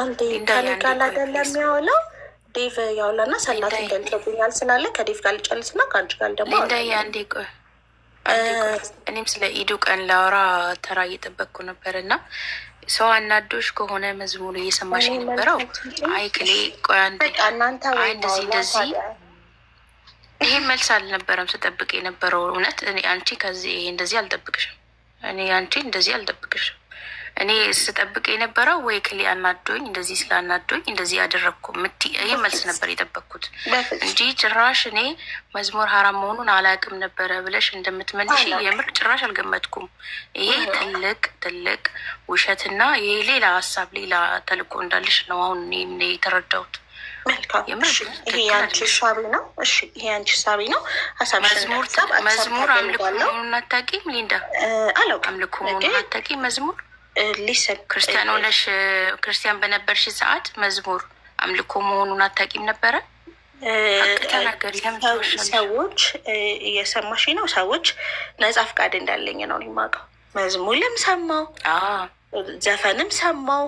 አንዴ ከኔ ጋር ላደለ የሚያውለው ዴቭ ያውላና ሰላት ገልጠጉኛል ስላለ ከዴቭ ጋር ልጨልስ ና ከአንቺ ጋር ደግሞ እንዳያ አንዴ ቆይ እኔም ስለ ኢዱ ቀን ላወራ ተራ እየጠበቅኩ ነበር እና ሰው አናዶሽ ከሆነ መዝሙር እየሰማሽ የነበረው አይክሌ ክሌ ቆይ አይ እንደዚህ እንደዚህ ይሄ መልስ አልነበረም ስጠብቅ የነበረው እውነት እኔ አንቺ ከዚህ ይሄ እንደዚህ አልጠብቅሽም እኔ አንቺ እንደዚህ አልጠብቅሽም እኔ ስጠብቅ የነበረው ወይ ክሊ አናዶኝ እንደዚህ ስላናዶኝ እንደዚህ ያደረግኩ ምት ይህ መልስ ነበር የጠበቅኩት እንጂ ጭራሽ እኔ መዝሙር ሀራም መሆኑን አላውቅም ነበረ ብለሽ እንደምትመልሽ የምር ጭራሽ አልገመትኩም። ይሄ ትልቅ ትልቅ ውሸትና ይሄ ሌላ ሀሳብ ሌላ ተልእኮ እንዳለሽ ነው አሁን እኔ የተረዳሁት። መልካም ይሄ አንቺ ሳቢ ነው። እሺ ይሄ አንቺ ሳቢ ነው። መዝሙር አምልኮ መሆኑን አታውቂም ሊንዳ? አላውቅም። አምልኮ መሆኑን አታውቂም መዝሙር ሊሰብ ክርስቲያን ሆነሽ ክርስቲያን በነበርሽ ሰዓት መዝሙር አምልኮ መሆኑን አታውቂም ነበረ? ሰዎች እየሰማሽ ነው። ሰዎች ነጻ ፍቃድ እንዳለኝ ነው የማውቀው። መዝሙርም ሰማው፣ ዘፈንም ሰማው፣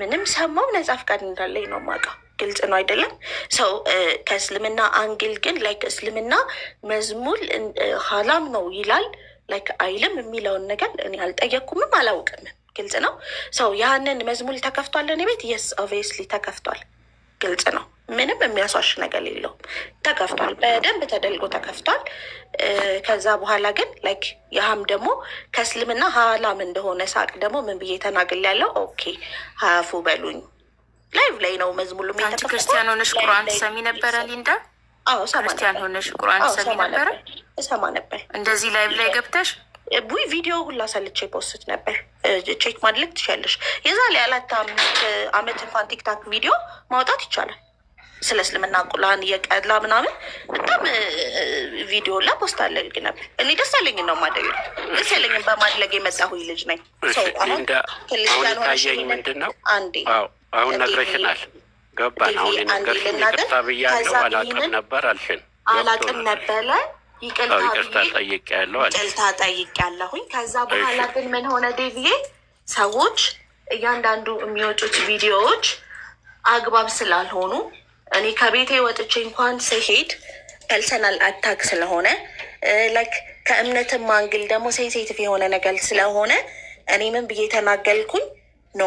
ምንም ሰማው፣ ነጻ ፍቃድ እንዳለኝ ነው የማውቀው። ግልጽ ነው አይደለም? ሰው ከእስልምና አንግል ግን ላይክ እስልምና መዝሙር ሀላም ነው ይላል ላይክ አይልም የሚለውን ነገር እኔ አልጠየቅኩምም አላውቅምም። ግልጽ ነው። ሰው ያንን መዝሙር ተከፍቷል፣ እኔ ቤት የስ ኦብቪየስሊ ተከፍቷል። ግልጽ ነው። ምንም የሚያሷሽ ነገር የለውም። ተከፍቷል፣ በደንብ ተደልጎ ተከፍቷል። ከዛ በኋላ ግን ላይክ ያህም ደግሞ ከእስልምና ሀላም እንደሆነ ሳቅ ደግሞ ምን ብዬ ተናግል ያለው ኦኬ ሀያፉ በሉኝ። ላይቭ ላይ ነው መዝሙሉ። አንቺ ክርስቲያን ሆነሽ ቁርአን ሰሚ ነበረ ሊንዳ? ክርስቲያን ሆነሽ ቁርአን ሰሚ ነበረ? እሰማ ነበር። እንደዚህ ላይቭ ላይ ገብተሽ ቡይ ቪዲዮ ሁላ ሰልቼ ፖስት ነበር። ቼክ ማድረግ ትችላለሽ። ላይ አላት አምስት አመት እንኳን ቲክታክ ቪዲዮ ማውጣት ይቻላል። ስለ እስልምና ቁርአን እየቀላ ምናምን በጣም ቪዲዮ ላ ፖስት አለግ ነበር። እኔ ደስ አለኝ ነው ማደግ ደስ ያለኝን በማድረግ የመጣሁ ልጅ ነኝ። አሁን የታየኝ ምንድን ነው? አንዴ አሁን ነግረሽናል፣ ገባን። አሁን ነገር ይቅርታ ብያለሁ፣ አላቅም ነበር አልሽን፣ አላቅም ነበረ ይቅርታ ጠይቅ ያለው ይቅርታ ጠይቅ ያለሁኝ። ከዛ በኋላ ግን ምን ሆነ ዴቪዬ፣ ሰዎች እያንዳንዱ የሚወጡት ቪዲዮዎች አግባብ ስላልሆኑ እኔ ከቤቴ ወጥቼ እንኳን ስሄድ ፐርሰናል አታክ ስለሆነ ላይክ ከእምነትም አንግል ደግሞ ሴንሴቲቭ የሆነ ነገር ስለሆነ እኔ ምን ብዬ ተናገልኩኝ? ኖ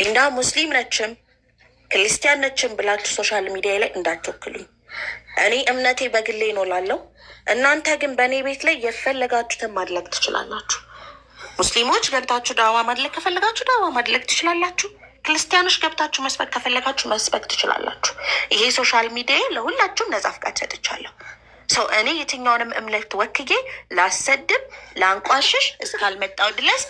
ሊንዳ ሙስሊም ነችም ክርስቲያን ነችም ብላችሁ ሶሻል ሚዲያ ላይ እንዳትወክሉኝ። እኔ እምነቴ በግሌ ነው ላለው፣ እናንተ ግን በእኔ ቤት ላይ የፈለጋችሁትን ማድረግ ትችላላችሁ። ሙስሊሞች ገብታችሁ ዳዋ ማድረግ ከፈለጋችሁ ዳዋ ማድረግ ትችላላችሁ። ክርስቲያኖች ገብታችሁ መስበክ ከፈለጋችሁ መስበክ ትችላላችሁ። ይሄ ሶሻል ሚዲያ ለሁላችሁም ነጻ ፍቃድ ሰጥቻለሁ። ሰው እኔ የትኛውንም እምነት ወክዬ ላሰድብ፣ ላንቋሽሽ እስካልመጣው ድረስ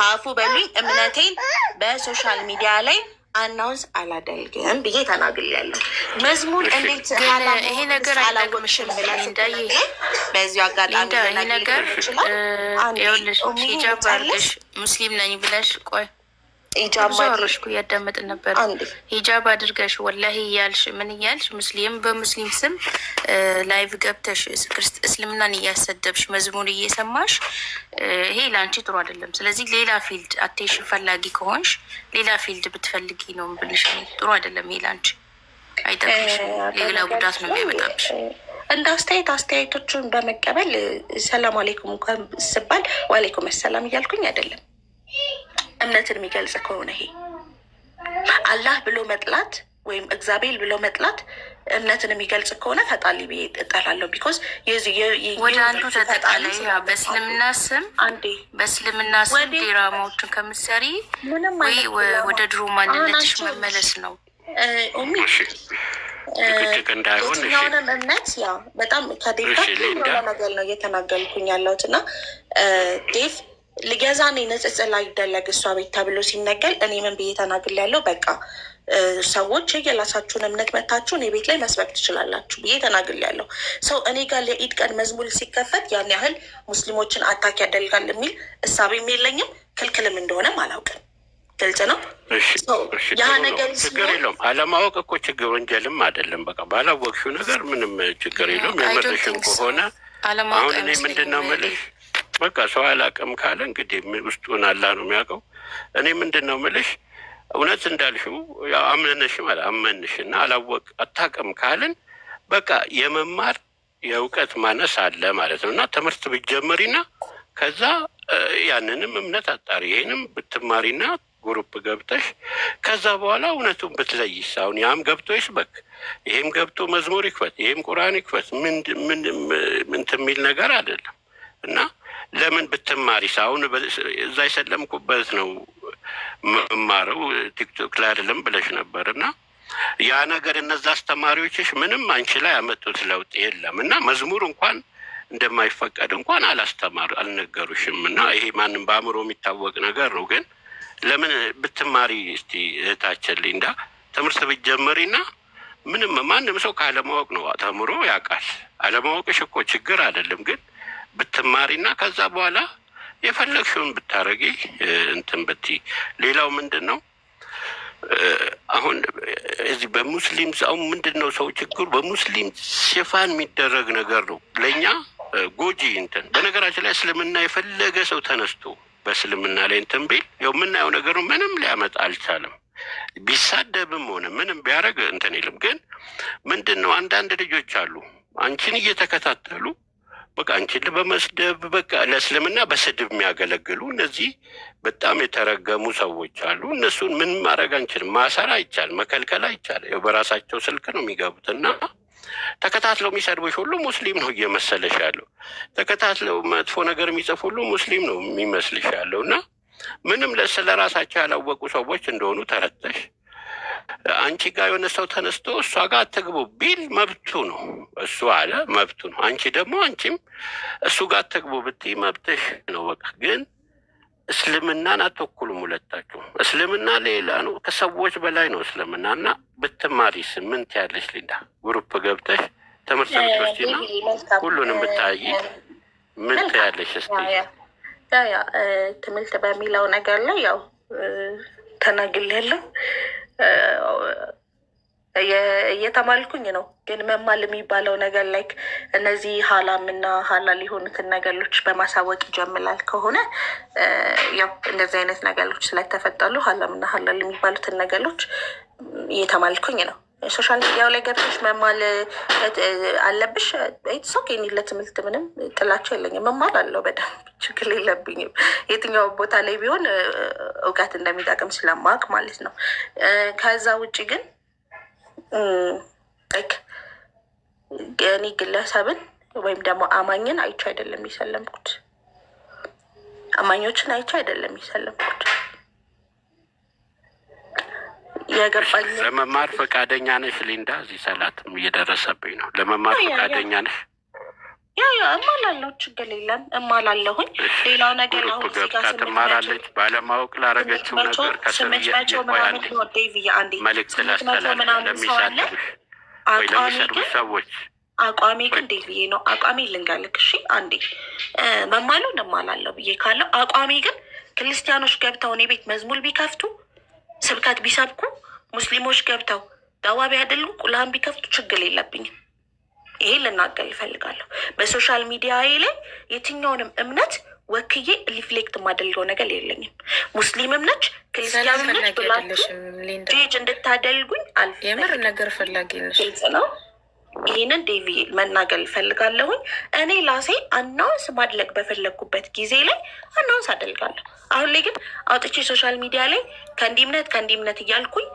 ሀፉ በሉኝ። እምነቴን በሶሻል ሚዲያ ላይ አናውንስ አላደርግም ብዬ ተናግሬያለሁ። መዝሙር እንዴት ይሄ ነገር አይጠቅምሽም እንዳይ በዚ አጋጣሚ ነገር ይኸውልሽ፣ ሂጃብ አድርገሽ ሙስሊም ነኝ ብለሽ ቆይ ጃማሽኩ እያዳመጥን ነበር። ሂጃብ አድርገሽ ወላሂ እያልሽ ምን እያልሽ ሙስሊም በሙስሊም ስም ላይቭ ገብተሽ እስልምናን እያሰደብሽ መዝሙር እየሰማሽ ይሄ ለአንቺ ጥሩ አይደለም። ስለዚህ ሌላ ፊልድ አቴሽን ፈላጊ ከሆንሽ ሌላ ፊልድ ብትፈልጊ ነው ብልሽ ጥሩ አይደለም። ይሄ ለአንቺ አይጠቅምሽም፣ ሌላ ጉዳት ነው የሚያመጣብሽ። እንደ አስተያየት አስተያየቶቹን በመቀበል ሰላም አሌይኩም እንኳን ስባል ዋሌይኩም ሰላም እያልኩኝ አይደለም እምነትን የሚገልጽ ከሆነ ይሄ አላህ ብሎ መጥላት ወይም እግዚአብሔር ብሎ መጥላት እምነትን የሚገልጽ ከሆነ ፈጣሊ ብዬ እጠላለሁ። ቢኮዝ ወደ አንዱ ተጠቃለ በእስልምና ስም በእስልምና ስም ዲራማዎችን ከምትሰሪ ወይ ወደ ድሮ ማንነትሽ መመለስ ነው። የትኛውንም እምነት ያ በጣም ከዴፍ ጋር ነገር ነው እየተናገልኩኝ ያለሁት እና ዴፍ ልገዛ እኔ ንጽጽር ላይ ይደረግ እሷ ቤት ተብሎ ሲነገር እኔ ምን ብዬ ተናግል ያለው በቃ ሰዎች የራሳችሁን እምነት መታችሁ እኔ ቤት ላይ መስበክ ትችላላችሁ ብዬ ተናግል ያለው ሰው እኔ ጋር ለኢድ ቀን መዝሙር ሲከፈት ያን ያህል ሙስሊሞችን አታክ ያደልጋል የሚል እሳቤም የለኝም፣ ክልክልም እንደሆነም አላውቅም። ግልጽ ነው። ያ ነገር ችግር የለውም። አለማወቅ እኮ ችግር ወንጀልም አይደለም። በቃ ባላወቅሽው ነገር ምንም ችግር የለውም። የመረሽን ከሆነ አሁን እኔ ምንድን ነው የምልሽ በቃ ሰው አላቅም ካለ እንግዲህ ውስጡን አላ ነው የሚያውቀው። እኔ ምንድን ነው ምልሽ እውነት እንዳልሽው አምነነሽ ማለት አመንሽ እና አላወቅ አታቅም ካልን በቃ የመማር የእውቀት ማነስ አለ ማለት ነው እና ትምህርት ብትጀምሪና ከዛ ያንንም እምነት አጣሪ ይህንም ብትማሪና ጉሩፕ ገብተሽ ከዛ በኋላ እውነቱን ብትለይስ አሁን ያም ገብቶ ይስበክ ይሄም ገብቶ መዝሙር ይክፈት ይሄም ቁርአን ይክፈት ምን ምን እንትን የሚል ነገር አይደለም እና ለምን ብትማሪ አሁን እዛ የሰለምኩበት ነው መማረው ቲክቶክ ላይ አይደለም ብለሽ ነበር እና ያ ነገር እነዛ አስተማሪዎችሽ ምንም አንቺ ላይ ያመጡት ለውጥ የለም እና መዝሙር እንኳን እንደማይፈቀድ እንኳን አላስተማር አልነገሩሽም እና ይሄ ማንም በአእምሮ የሚታወቅ ነገር ነው። ግን ለምን ብትማሪ እስቲ እህታችን ሊንዳ ትምህርት ብትጀምሪና ምንም ማንም ሰው ካለማወቅ ነው ተምሮ ያውቃል። አለማወቅሽ እኮ ችግር አይደለም ግን ብትማሪና ከዛ በኋላ የፈለግሽውን ብታረጊ እንትን ብቲ። ሌላው ምንድን ነው አሁን እዚህ በሙስሊም አሁን ምንድን ነው ሰው ችግሩ በሙስሊም ሽፋን የሚደረግ ነገር ነው ለእኛ ጎጂ እንትን። በነገራችን ላይ እስልምና የፈለገ ሰው ተነስቶ በእስልምና ላይ እንትን ቢል ያው የምናየው ነገሩ ምንም ሊያመጣ አልቻለም። ቢሳደብም ሆነ ምንም ቢያደረግ እንትን ይልም። ግን ምንድን ነው አንዳንድ ልጆች አሉ አንቺን እየተከታተሉ በቃ አንቺን በመስደብ በቃ ለእስልምና በስድብ የሚያገለግሉ እነዚህ በጣም የተረገሙ ሰዎች አሉ። እነሱን ምን ማድረግ አንችልም። ማሰር አይቻል፣ መከልከል አይቻል። በራሳቸው ስልክ ነው የሚገቡት እና ተከታትለው የሚሰድቦች ሁሉ ሙስሊም ነው እየመሰለሽ ያለው። ተከታትለው መጥፎ ነገር የሚጽፍ ሁሉ ሙስሊም ነው የሚመስልሽ ያለው እና ምንም ስለ ራሳቸው ያላወቁ ሰዎች እንደሆኑ ተረተሽ አንቺ ጋር የሆነ ሰው ተነስቶ እሷ ጋር አትግቡ ቢል መብቱ ነው። እሱ አለ መብቱ ነው። አንቺ ደግሞ አንቺም እሱ ጋር አትግቡ ብትይ መብትሽ ነው። በቃ ግን እስልምናን አትወክሉም ሁለታችሁ። እስልምና ሌላ ነው፣ ከሰዎች በላይ ነው እስልምና እና ብትማሪስ ምን ትያለሽ? ሊንዳ ግሩፕ ገብተሽ ትምህርት ቤቶች እና ሁሉንም ብታይ ምን ትያለሽ? እስኪ ትምህርት በሚለው ነገር ላይ ያው ተናግል ያለው እየተማልኩኝ ነው። ግን መማል የሚባለው ነገር ላይክ እነዚህ ሀላም እና ሀላል የሆኑትን ነገሮች በማሳወቅ ይጀምላል ከሆነ ያው እንደዚህ አይነት ነገሮች ስለተፈጠሉ ሀላም እና ሀላል የሚባሉትን ነገሮች እየተማልኩኝ ነው። ሶሻል ሚዲያው ላይ ገብተሽ መማል አለብሽ። ኢትስ ኦኬ። እኔ ለትምህርት ምንም ጥላቸው የለኝም፣ መማል አለው በደንብ ችግር የለብኝም። የትኛው ቦታ ላይ ቢሆን እውቀት እንደሚጠቅም ስለማቅ ማለት ነው። ከዛ ውጭ ግን እኔ ግለሰብን ወይም ደግሞ አማኝን አይቼ አይደለም የሰለምኩት፣ አማኞችን አይቼ አይደለም የሰለምኩት። ያገባኝ ለመማር ፈቃደኛ ነሽ ሊንዳ? እዚህ ሰላትም እየደረሰብኝ ነው። ለመማር ፈቃደኛ ነሽ? ያ ያ እማላለሁ፣ ችግር የለም እማላለሁኝ። ሌላው ነገር አሁን ገብታ ትማራለች። ባለማወቅ ላረገችው ነገር ከስርየቆ አንዴ መልዕክት ላስተላለ ለሚሳለብሽ ወይ ለሚሰርብሽ ሰዎች አቋሜ ግን እንዴት ብዬ ነው አቋሜ ልንገርልክ። እሺ አንዴ መማለው እማላለሁ ብዬ ካለው አቋሜ ግን ክርስቲያኖች ገብተው እኔ ቤት መዝሙር ቢከፍቱ ስብከት ቢሰብኩ ሙስሊሞች ገብተው ዳዋ ቢያደርጉ ቁልሃን ቢከፍቱ ችግር የለብኝም። ይሄ ልናገር ይፈልጋለሁ። በሶሻል ሚዲያ ላይ የትኛውንም እምነት ወክዬ ሪፍሌክት የማደርገው ነገር የለኝም። ሙስሊምም ነች ክርስቲያንም ነች ብላችሁ ጅ እንድታደልጉኝ አልፈልግም። የምር ነገር ፈላጊ ነች። ግልጽ ነው። ይህንን ዴቪ መናገር ይፈልጋለሁኝ። እኔ ላሴ አናውንስ ማድረግ በፈለግኩበት ጊዜ ላይ አናውንስ አደልጋለሁ። አሁን ላይ ግን አውጥቼ ሶሻል ሚዲያ ላይ ከእንዲህ እምነት ከእንዲህ እምነት እያልኩኝ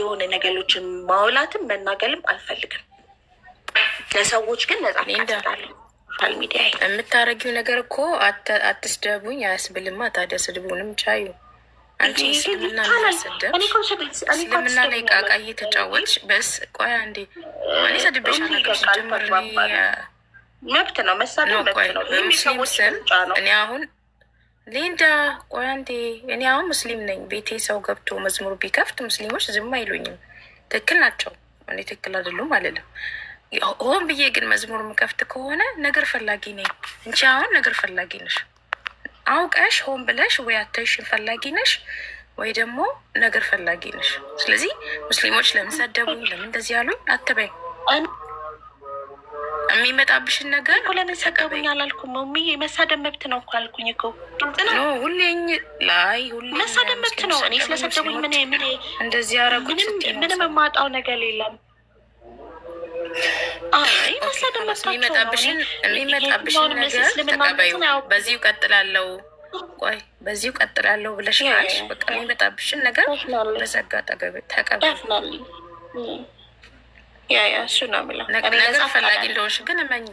የሆነ ነገሮችን ማውላትም መናገልም አልፈልግም። ለሰዎች ግን ነጻ ዳለ ሶሻል ሚዲያ የምታረጊው ነገር እኮ አትስደቡኝ አያስብልማ። ታዲያ ስድቡንም ቻዩ እስልምና ላይ ቃቃ እየተጫወች በስ ቆያ እንዴ እኔ ሰድቤሻ መብት ነው መሳደብ መብት ነው። ስል እኔ አሁን ሌንዳ ቆያ እንዴ እኔ አሁን ሙስሊም ነኝ። ቤቴ ሰው ገብቶ መዝሙር ቢከፍት ሙስሊሞች ዝም አይሉኝም። ትክክል ናቸው። እኔ ትክክል አይደሉም አልልም። ሆን ብዬ ግን መዝሙር ምከፍት ከሆነ ነገር ፈላጊ ነኝ እንጂ አሁን ነገር ፈላጊ ነሽ አውቀሽ ሆን ብለሽ ወይ አታይሽን ፈላጊ ነሽ ወይ ደግሞ ነገር ፈላጊ ነሽ። ስለዚህ ሙስሊሞች ለምን ሰደቡ፣ ለምን እንደዚህ ያሉኝ አትበይ። የሚመጣብሽን ነገር ለምን ሰቀቡኝ አላልኩም። ሚ መሳደብ መብት ነው እኮ አልኩኝ እኮ ሁሌኝ ላይ መሳደብ መብት ነው። እኔ ስለሰደቡኝ ምን ምን እንደዚህ ያረጉት ምንም የማጣው ነገር የለም። የሚመጣብሽን ነገር ተቀበዩ። በዚሁ ቀጥላለው ቆይ በዚሁ ቀጥላለው ብለሽ ካልሽ በቃ የሚመጣብሽን ነገር በዘጋ ተቀበዩ። ነገር ፈላጊ እንደሆንሽ ግን እመኝ።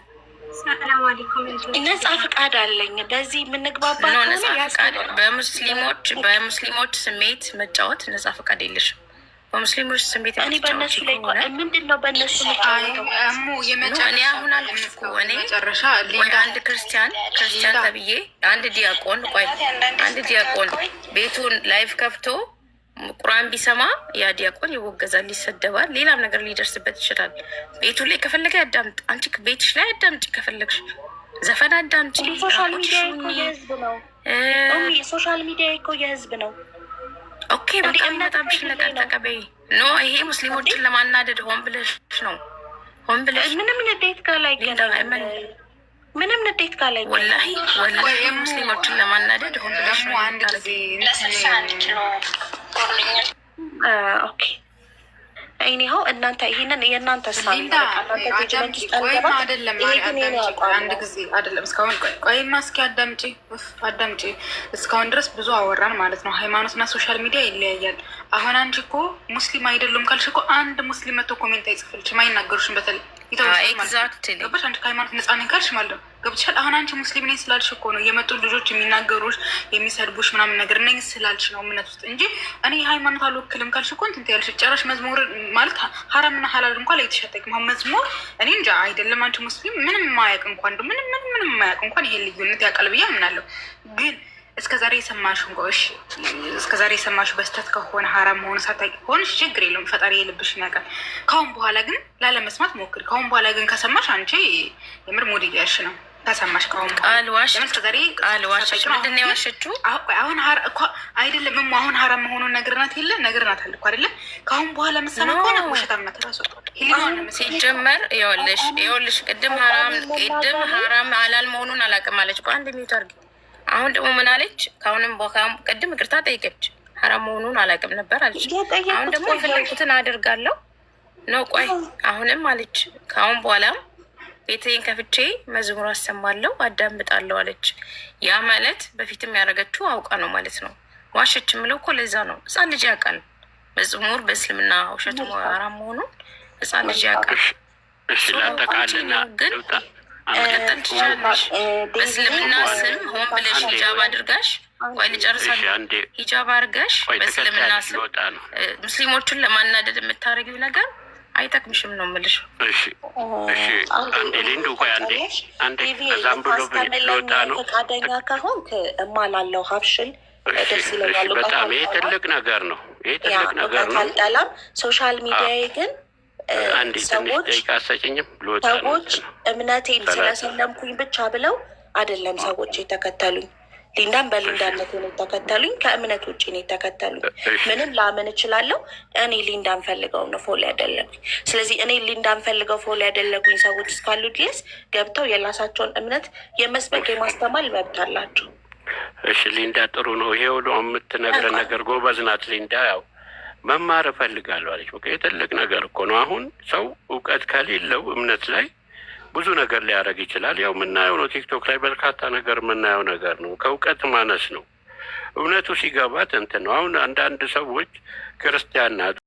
ነጻ ፍቃድ አለኝ። በዚህ የምንግባባ በሙስሊሞች በሙስሊሞች ስሜት መጫወት ነጻ ፍቃድ የለሽም። በሙስሊሞች ስም ቤት እኔ በእነሱ ላይ ምንድን ነው በእነሱ ሙ የመጨረሻ አሁን አልኩ እኔ መጨረሻ አንድ ክርስቲያን ክርስቲያን ተብዬ አንድ ዲያቆን ቆይ አንድ ዲያቆን ቤቱን ላይፍ ከፍቶ ቁርአን ቢሰማ ያ ዲያቆን ይወገዛል፣ ይሰደባል፣ ሌላም ነገር ሊደርስበት ይችላል። ቤቱ ላይ ከፈለገ ያዳምጥ። አንቺ ቤትሽ ላይ አዳምጭ፣ ከፈለግሽ ዘፈን አዳምጭ። ሶሻል ሚዲያ እኮ የህዝብ ነው። ሶሻል ሚዲያ እኮ የህዝብ ነው። ኦኬ በቃ ይመጣብሽ ነጠቀበይ ኖ ይሄ ሙስሊሞችን ለማናደድ ሆን ብለሽ ነው። ሆን ብለሽ ምንም ንዴት ጋር ላይ ምንም ንዴት ጋር ላይ ወላሂ ወላሂ ሙስሊሞችን ለማናደድ ሆን ብለሽ ነው። አንድ ጊዜ ኦኬ እኔ እናንተ ይሄንን የእናንተ ጊዜ አይደለም። እስካሁን ቆይማ እስኪ አዳምጪ አዳምጪ። እስካሁን ድረስ ብዙ አወራን ማለት ነው። ሃይማኖትና ሶሻል ሚዲያ ይለያያል። አሁን አንቺ እኮ ሙስሊም አይደሉም ካልሽ እኮ አንድ ሙስሊም መቶ ኮሜንት አይጽፍልሽም አይናገሩሽም በተለይ ገባሽ? አንቺ ከሃይማኖት ነፃ ነኝ ካልሽ ማለት ነው ገብቶሻል። አሁን አንቺ ሙስሊም ነኝ ስላልሽ እኮ ነው የመጡ ልጆች የሚናገሩሽ የሚሰድቡሽ ምናምን ነገር ነኝ ስላልሽ ነው እምነት ውስጥ እንጂ እኔ አልወክልም ካልሽ እኮ እንትን ትያለሽ። ጨራሽ መዝሙር ማለት ሀራምና ሀላል መዝሙር እኔ እንጃ አይደለም አንቺ ሙስሊም ምንም ማያውቅ እንኳን ምንም ምንም ምንም ማያውቅ እንኳን ይሄን ልዩነት ያውቃል ብዬ አምናለሁ ግን እስከ ዛሬ የሰማሽ እንጎሽ እስከ ዛሬ የሰማሽ በስተት ከሆነ ሀራም መሆኑ ሳታቂ ከሆንሽ ችግር የለውም፣ ፈጣሪ የልብሽ ነገር። ካሁን በኋላ ግን ላለመስማት ሞክሪ። ካሁን በኋላ ግን ከሰማሽ አንቺ የምር ሙድ እያልሽ ነው። ከሰማሽ ካሁን አሁን አይደለም እሞ አሁን ሀራም መሆኑን ነግርናት የለ ነግርናት አለ አይደለ? ካሁን በኋላ ምሰማ ከሆነ ውሸታም ናት ሲጀመር። ይኸውልሽ ይኸውልሽ ቅድም ሀራም ቅድም ሀራም አላል መሆኑን አላውቅም አለች። በአንድ ሚዩት አድርጊ አሁን ደግሞ ምን አለች? ከአሁንም ቅድም ይቅርታ ጠይቀች። ሀራም መሆኑን አላውቅም ነበር አለች። አሁን ደግሞ የፈለኩትን አደርጋለሁ ነው። ቆይ አሁንም አለች፣ ከአሁን በኋላ ቤቴን ከፍቼ መዝሙር አሰማለሁ፣ አዳምጣለሁ አለች። ያ ማለት በፊትም ያደረገችው አውቃ ነው ማለት ነው። ዋሸች የምለው እኮ ለዛ ነው። ህፃን ልጅ ያውቃል መዝሙር በእስልምና ውሸት ሀራም መሆኑን ህፃን ልጅ ያውቃል። ግን በእስልምና ስም ሆን ብለሽ ሂጃብ አድርጋሽ ወይ ሂጃብ አድርጋሽ በእስልምና ስም ለማናደድ የምታደርጊው ነገር አይጠቅምሽም ነው የምልሽ። እሺ እሺ፣ አንዴ ሊንዱ ቆይ አንዴ አንዴ፣ ብሎ ልወጣ ነው። ፈቃደኛ ከሆንክ ሀብሽን በጣም ይሄ ትልቅ ነገር ነው። ይሄ ትልቅ ነገር ነው። ሶሻል ሚዲያ ግን ሰዎች ሰዎች እምነቴን ስለሰለምኩኝ ብቻ ብለው አይደለም ሰዎች የተከተሉኝ። ሊንዳም በሊንዳነት ነው የተከተሉኝ። ከእምነት ውጭ ነው የተከተሉኝ። ምንም ላምን እችላለሁ። እኔ ሊንዳን ፈልገው ነው ፎል ያደለጉኝ። ስለዚህ እኔ ሊንዳን ፈልገው ፎል ያደለጉኝ ሰዎች እስካሉ ድረስ ገብተው የራሳቸውን እምነት የመስበክ የማስተማል መብት አላቸው። እሺ ሊንዳ ጥሩ ነው። ይሄ ሁሉ የምትነግረን ነገር ጎበዝ ናት ሊንዳ ያው መማር እፈልጋለሁ አለች። በቃ የትልቅ ነገር እኮ ነው። አሁን ሰው እውቀት ከሌለው እምነት ላይ ብዙ ነገር ሊያደርግ ይችላል። ያው የምናየው ነው። ቲክቶክ ላይ በርካታ ነገር የምናየው ነገር ነው። ከእውቀት ማነስ ነው። እውነቱ ሲገባ እንትን ነው። አሁን አንዳንድ ሰዎች ክርስቲያን ናት